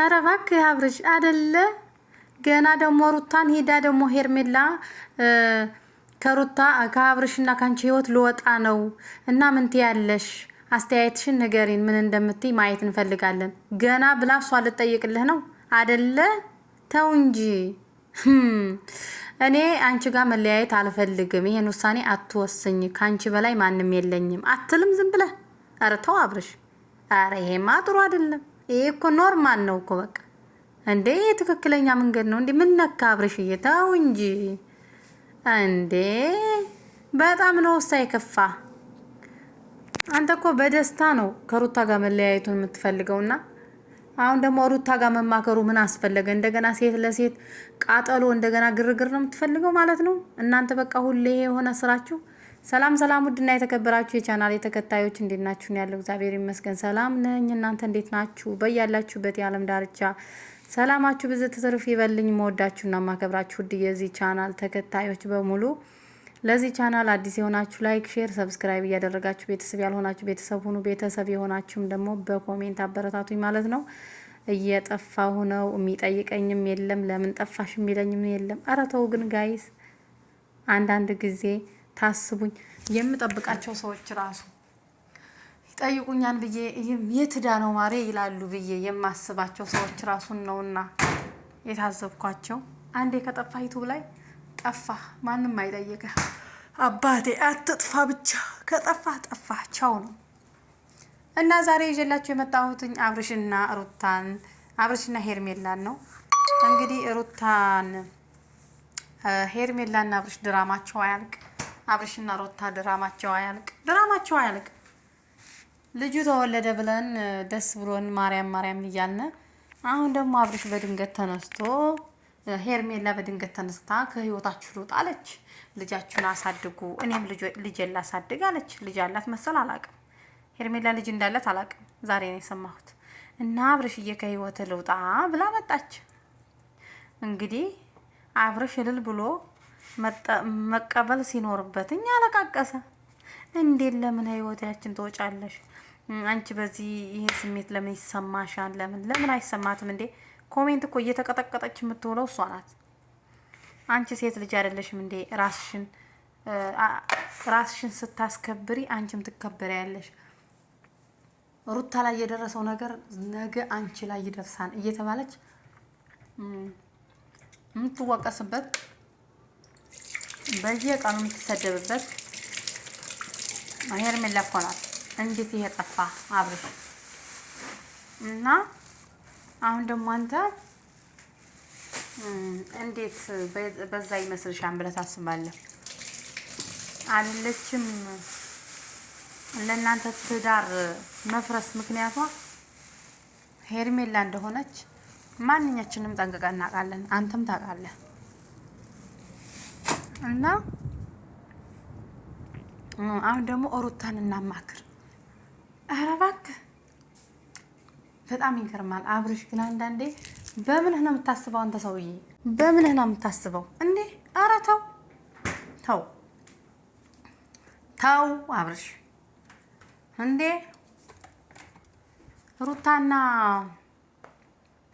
ኧረ እባክህ አብርሽ አደለ ገና ደግሞ ሩታን ሄዳ ደግሞ ሄርሜላ ከሩታ ከአብርሽና ከአንቺ ህይወት ልወጣ ነው እና ምንት ያለሽ አስተያየትሽን ንገሪን፣ ምን እንደምትይ ማየት እንፈልጋለን። ገና ብላ እሷ ልጠይቅልህ ነው አደለ? ተው እንጂ እኔ አንቺ ጋር መለያየት አልፈልግም። ይሄን ውሳኔ አትወስኝ፣ ከአንቺ በላይ ማንም የለኝም አትልም? ዝም ብለህ ኧረ ተው አብርሽ፣ ኧረ ይሄማ ጥሩ አይደለም። ይሄ እኮ ኖርማል ነው እኮ በቃ እንዴ ትክክለኛ መንገድ ነው እንዴ ምን ነካ አብርሽዬ ተው እንጂ እንዴ በጣም ነው ውስጥ አይከፋ አንተ እኮ በደስታ ነው ከሩታ ጋር መለያየቱን የምትፈልገውና አሁን ደግሞ ሩታ ጋር መማከሩ ምን አስፈለገ እንደገና ሴት ለሴት ቃጠሎ እንደገና ግርግር ነው የምትፈልገው ማለት ነው እናንተ በቃ ሁሌ የሆነ ስራችሁ ሰላም ሰላም፣ ውድና የተከበራችሁ የቻናል የተከታዮች እንዴት ናችሁ? ያለው። እግዚአብሔር ይመስገን ሰላም ነኝ። እናንተ እንዴት ናችሁ? በያላችሁበት የዓለም ዳርቻ ሰላማችሁ ብዙ ትርፍ ይበልኝ። መወዳችሁና ማከብራችሁ ውድ የዚህ ቻናል ተከታዮች በሙሉ ለዚህ ቻናል አዲስ የሆናችሁ ላይክ፣ ሼር፣ ሰብስክራይብ እያደረጋችሁ ቤተሰብ ያልሆናችሁ ቤተሰብ ሁኑ። ቤተሰብ የሆናችሁም ደግሞ በኮሜንት አበረታቱኝ ማለት ነው። እየጠፋሁ ነው፣ የሚጠይቀኝም የለም፣ ለምን ጠፋሽ የሚለኝም የለም። አረ ተው ግን ጋይስ አንዳንድ ጊዜ ታስቡኝ የምጠብቃቸው ሰዎች ራሱ ይጠይቁኛል ብዬ የትዳ ነው ማሬ ይላሉ ብዬ የማስባቸው ሰዎች ራሱን ነውና የታዘብኳቸው። አንዴ ከጠፋ ዩቱብ ላይ ጠፋ፣ ማንም አይጠይቀ። አባቴ አትጥፋ፣ ብቻ ከጠፋ ጠፋ፣ ቻው ነው እና ዛሬ ይዤላችሁ የመጣሁትኝ አብርሽና ሩታን አብርሽና ሄርሜላን ነው። እንግዲህ ሩታን ሄርሜላና አብርሽ ድራማቸው አያልቅ አብርሽና ሮታ ድራማቸው አያልቅ ድራማቸው አያልቅ። ልጁ ተወለደ ብለን ደስ ብሎን ማርያም ማርያም እያልን አሁን ደግሞ አብርሽ በድንገት ተነስቶ ሄርሜላ በድንገት ተነስታ ከህይወታችሁ ሩጥ አለች። ልጃችሁን አሳድጉ፣ እኔም ልጅ ላሳድግ አለች። ልጅ አላት መሰል አላቅም። ሄርሜላ ልጅ እንዳላት አላቅም። ዛሬ ነው የሰማሁት። እና አብርሽዬ ከህይወት ልውጣ ብላ መጣች። እንግዲህ አብርሽ እልል ብሎ መቀበል ሲኖርበት እኛ አለቃቀሰ። እንዴት ለምን ህይወታችን ትወጫለሽ? አንቺ በዚህ ይሄ ስሜት ለምን ይሰማሻል? ለምን ለምን አይሰማትም እንዴ? ኮሜንት እኮ እየተቀጠቀጠች የምትውለው እሷ ናት። አንቺ ሴት ልጅ አይደለሽም እንዴ? ራስሽን ራስሽን ስታስከብሪ አንቺም ትከበሪ ያለሽ። ሩታ ላይ የደረሰው ነገር ነገ አንቺ ላይ ይደርሳል እየተባለች የምትወቀስበት በየቀኑ የምትሰደብበት ሄርሜላ እኮ እንዴት ይሄ ጠፋ አብርሽ? እና አሁን ደግሞ አንተ እንዴት በዛ ይመስልሻል ብለህ ታስባለህ? አለችም ለእናንተ ትዳር መፍረስ ምክንያቷ ሄርሜላ እንደሆነች ማንኛችንም ጠንቅቀን እናውቃለን። አንተም ታውቃለህ። እና አሁን ደግሞ ሩታን እናማክር። ኧረ እባክህ በጣም ይገርማል። አብርሽ ግን አንዳንዴ በምንህ ነው የምታስበው? አንተ ሰውዬ በምንህ ነው የምታስበው እንዴ? ኧረ ተው ተው ተው አብርሽ እንዴ! ሩታና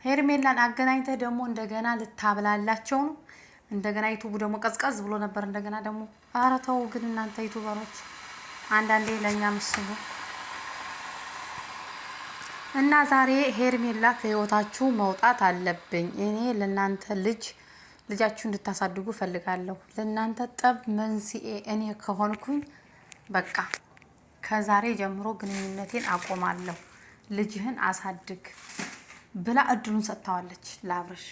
ሄርሜላን አገናኝተህ ደግሞ እንደገና ልታብላላቸው ነው። እንደገና ዩቱቡ ደግሞ ቀዝቀዝ ብሎ ነበር። እንደገና ደግሞ ኧረ ተው ግን እናንተ ዩቱበሮች አንዳንዴ ለእኛ ምስሉ እና ዛሬ ሄርሜላ ከህይወታችሁ መውጣት አለብኝ። እኔ ለእናንተ ልጅ ልጃችሁ እንድታሳድጉ ፈልጋለሁ ለእናንተ ጠብ መንስኤ እኔ ከሆንኩኝ በቃ ከዛሬ ጀምሮ ግንኙነቴን አቆማለሁ፣ ልጅህን አሳድግ ብላ እድሉን ሰጥታዋለች ለአብርሽ።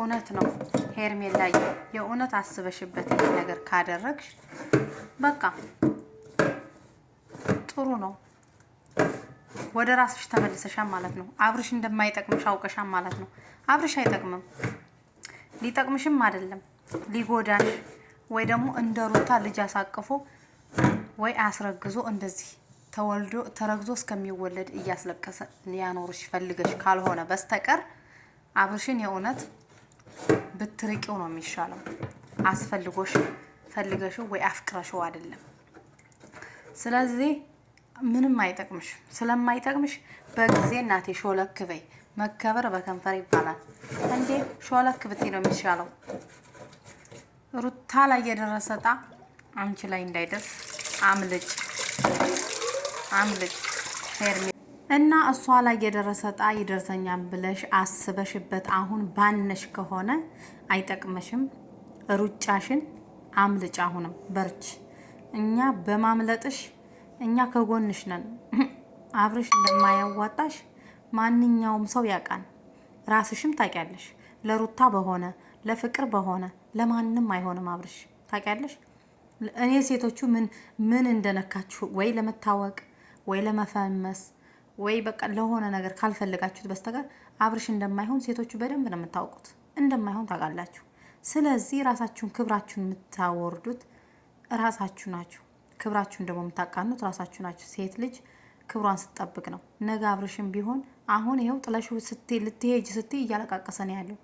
እውነት ነው ሄርሜላ የእውነት አስበሽበት ይህን ነገር ካደረግሽ በቃ ጥሩ ነው። ወደ ራስሽ ተመልሰሻል ማለት ነው። አብርሽ እንደማይጠቅምሽ አውቀሻል ማለት ነው። አብርሽ አይጠቅምም፣ ሊጠቅምሽም አይደለም ሊጎዳሽ፣ ወይ ደግሞ እንደ ሩታ ልጅ አሳቅፎ ወይ አስረግዞ እንደዚህ ተወልዶ ተረግዞ እስከሚወለድ እያስለቀሰ ሊያኖርሽ ፈልገሽ ካልሆነ በስተቀር አብርሽን የእውነት ብትርቂው ነው የሚሻለው። አስፈልጎሽ ፈልገሽው ወይ አፍቅረሽው አይደለም። ስለዚህ ምንም አይጠቅምሽ። ስለማይጠቅምሽ በጊዜ እናቴ ሾለክ በይ። መከበር በከንፈር ይባላል እንዴ! ሾለክ ብትይ ነው የሚሻለው። ሩታ ላይ የደረሰ ጣ አንቺ ላይ እንዳይደርስ አምልጭ፣ አምልጭ ሄርሜ እና እሷ ላይ የደረሰ ጣ ይደርሰኛል ብለሽ አስበሽበት አሁን ባነሽ ከሆነ አይጠቅምሽም ሩጫሽን አምልጭ፣ አሁንም በርች። እኛ በማምለጥሽ እኛ ከጎንሽ ነን። አብርሽ እንደማያዋጣሽ ማንኛውም ሰው ያውቃል። ራስሽም ታውቂያለሽ። ለሩታ በሆነ ለፍቅር በሆነ ለማንም አይሆንም። አብርሽ ታውቂያለሽ። እኔ ሴቶቹ ምን ምን እንደነካችሁ ወይ ለመታወቅ ወይ ለመፈመስ ወይ በቃ ለሆነ ነገር ካልፈለጋችሁት በስተቀር አብርሽ እንደማይሆን ሴቶቹ በደንብ ነው የምታውቁት፣ እንደማይሆን ታውቃላችሁ። ስለዚህ ራሳችሁን ክብራችሁን የምታወርዱት ራሳችሁ ናችሁ። ክብራችሁን ደግሞ የምታቃኑት ራሳችሁ ናችሁ። ሴት ልጅ ክብሯን ስትጠብቅ ነው። ነገ አብርሽም ቢሆን አሁን ይኸው ጥለሽ ልትሄጅ ስትይ እያለቃቀሰ ነው ያለው።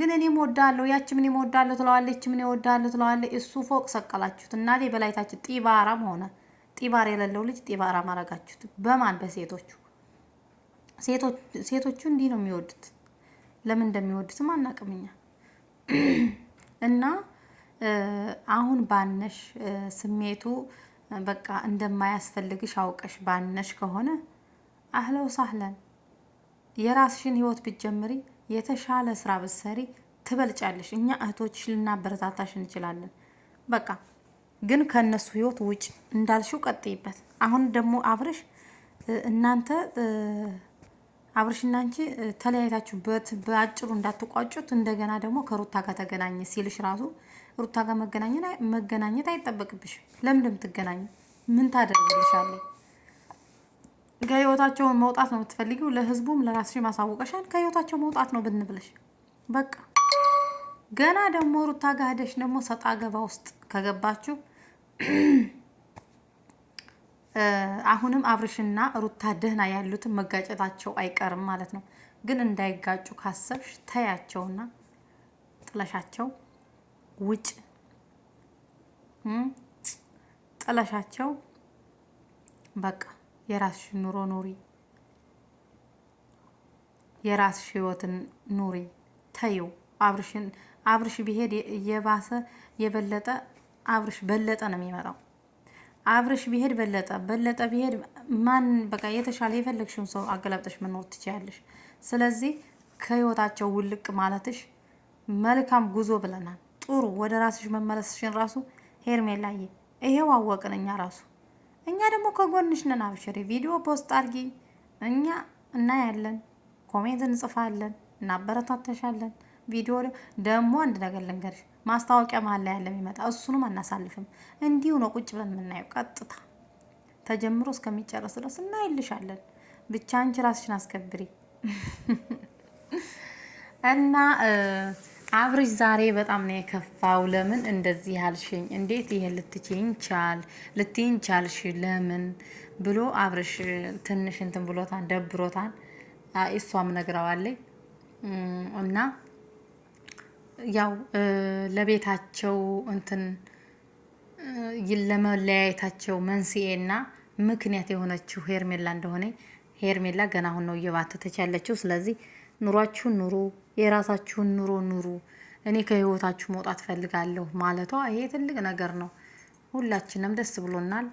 ግን እኔም ወዳለሁ ያች ምን ወዳለሁ ትለዋለች፣ ምን ወዳለሁ ትለዋለች። እሱ ፎቅ ሰቀላችሁት። እናቴ በላይታችሁ ጢባራም ሆነ ጢባር የሌለው ልጅ ጢባራም አረጋችሁት። በማን በሴቶቹ ሴቶቹ እንዲህ ነው የሚወዱት። ለምን እንደሚወዱትም አናውቅም እኛ እና አሁን ባነሽ ስሜቱ በቃ እንደማያስፈልግሽ አውቀሽ ባነሽ ከሆነ አህለው ሳህለን የራስሽን ህይወት ብትጀምሪ የተሻለ ስራ ብትሰሪ ትበልጫለሽ። እኛ እህቶችሽ ልናበረታታሽ እንችላለን። በቃ ግን ከእነሱ ህይወት ውጭ እንዳልሽው ቀጥይበት። አሁን ደግሞ አብረሽ እናንተ አብርሽና አንቺ ተለያይታችሁበት በአጭሩ እንዳትቋጩት እንደገና ደግሞ ከሩታ ጋር ተገናኘ ሲልሽ ራሱ ሩታ ጋር መገናኘት አይጠበቅብሽም። ለምን እንደምትገናኙ ምን ታደርግልሻለች? ከህይወታቸውን መውጣት ነው የምትፈልጊው። ለህዝቡም ለራስሽ ማሳወቀሻል። ከህይወታቸው መውጣት ነው ብንብለሽ በቃ ገና ደግሞ ሩታ ጋር ሄደሽ ደግሞ ሰጣ ገባ ውስጥ ከገባችሁ አሁንም አብርሽና ሩታ ደህና ያሉትን መጋጨታቸው አይቀርም ማለት ነው። ግን እንዳይጋጩ ካሰብሽ ተያቸውና ጥለሻቸው ውጭ ጥለሻቸው በቃ የራስሽ ኑሮ ኑሪ፣ የራስሽ ህይወትን ኑሪ። ተይው አብርሽን አብርሽ ቢሄድ የባሰ የበለጠ አብርሽ በለጠ ነው የሚመጣው። አብረሽ ቢሄድ በለጠ በለጠ ቢሄድ ማን በቃ የተሻለ የፈለግሽውን ሰው አገላብጠሽ መኖር ትችያለሽ። ስለዚህ ከህይወታቸው ውልቅ ማለትሽ መልካም ጉዞ ብለናል። ጥሩ ወደ ራስሽ መመለስሽን ራሱ ሄርሜላዬ ይሄው አወቅን እኛ ራሱ እኛ ደግሞ ከጎንሽ ነን። አብሽሪ፣ ቪዲዮ ፖስት አድርጊ፣ እኛ እናያለን፣ ኮሜንት እንጽፋለን፣ እናበረታተሻለን። ቪዲዮ ደግሞ አንድ ነገር ልንገርሽ፣ ማስታወቂያ መሀል ላይ ያለ የሚመጣ እሱንም አናሳልፍም። እንዲሁ ነው ቁጭ ብለን የምናየው። ቀጥታ ተጀምሮ እስከሚጨረስ ድረስ እናይልሻለን። ብቻ አንቺ ራስሽን አስከብሪ እና አብርሽ ዛሬ በጣም ነው የከፋው። ለምን እንደዚህ ያልሽኝ? እንዴት ይሄን ልትችይኝ ቻል ልትይኝ ቻልሽ? ለምን ብሎ አብርሽ ትንሽ እንትን ብሎታን ደብሮታን። እሷም ነግረዋለች እና ያው ለቤታቸው እንትን ለመለያየታቸው መንስኤና ምክንያት የሆነችው ሄርሜላ እንደሆነ ሄርሜላ ገና አሁን ነው እየባተተች ያለችው። ስለዚህ ኑሯችሁን ኑሩ፣ የራሳችሁን ኑሮ ኑሩ፣ እኔ ከህይወታችሁ መውጣት ፈልጋለሁ ማለቷ ይሄ ትልቅ ነገር ነው። ሁላችንም ደስ ብሎናል።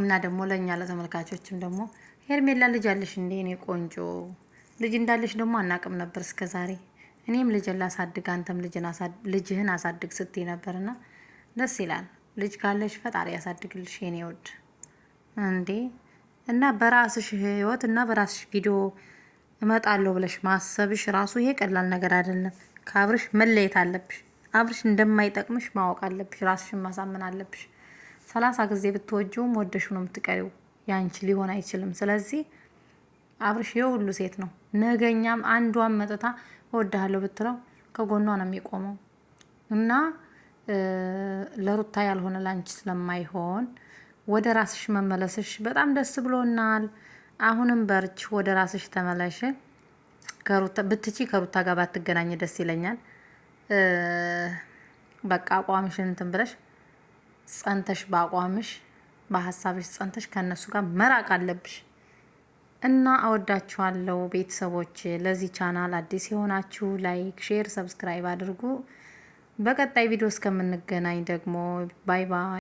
እና ደግሞ ለእኛ ለተመልካቾችም ደግሞ ሄርሜላ ልጅ አለሽ እንዴ? እኔ ቆንጆ ልጅ እንዳለሽ ደግሞ አናቅም ነበር እስከዛሬ። እኔም ልጅን ላሳድግ አንተም ልጅህን አሳድግ ስትይ ነበርና ደስ ይላል። ልጅ ካለሽ ፈጣሪ ያሳድግልሽ የኔ ውድ እንዴ። እና በራስሽ ህይወት እና በራስሽ ቪዲዮ እመጣለሁ ብለሽ ማሰብሽ ራሱ ይሄ ቀላል ነገር አይደለም። ከአብርሽ መለየት አለብሽ። አብርሽ እንደማይጠቅምሽ ማወቅ አለብሽ። ራስሽን ማሳመን አለብሽ። ሰላሳ ጊዜ ብትወጂውም ወደሹ ነው የምትቀሪው። ያንቺ ሊሆን አይችልም። ስለዚህ አብርሽ የሁሉ ሴት ነው። ነገኛም አንዷን መጥታ እወድሃለሁ ብትለው ከጎኗ ነው የሚቆመው እና ለሩታ ያልሆነ ላንቺ ስለማይሆን ወደ ራስሽ መመለስሽ በጣም ደስ ብሎናል። አሁንም በርች፣ ወደ ራስሽ ተመለሽ። ብትቺ ከሩታ ጋር ባትገናኝ ደስ ይለኛል። በቃ አቋምሽ እንትን ብለሽ ጸንተሽ፣ በአቋምሽ በሀሳብሽ ጸንተሽ ከእነሱ ጋር መራቅ አለብሽ። እና አወዳችኋለሁ ቤተሰቦች። ለዚህ ቻናል አዲስ የሆናችሁ ላይክ፣ ሼር፣ ሰብስክራይብ አድርጉ። በቀጣይ ቪዲዮ እስከምንገናኝ ደግሞ ባይ ባይ።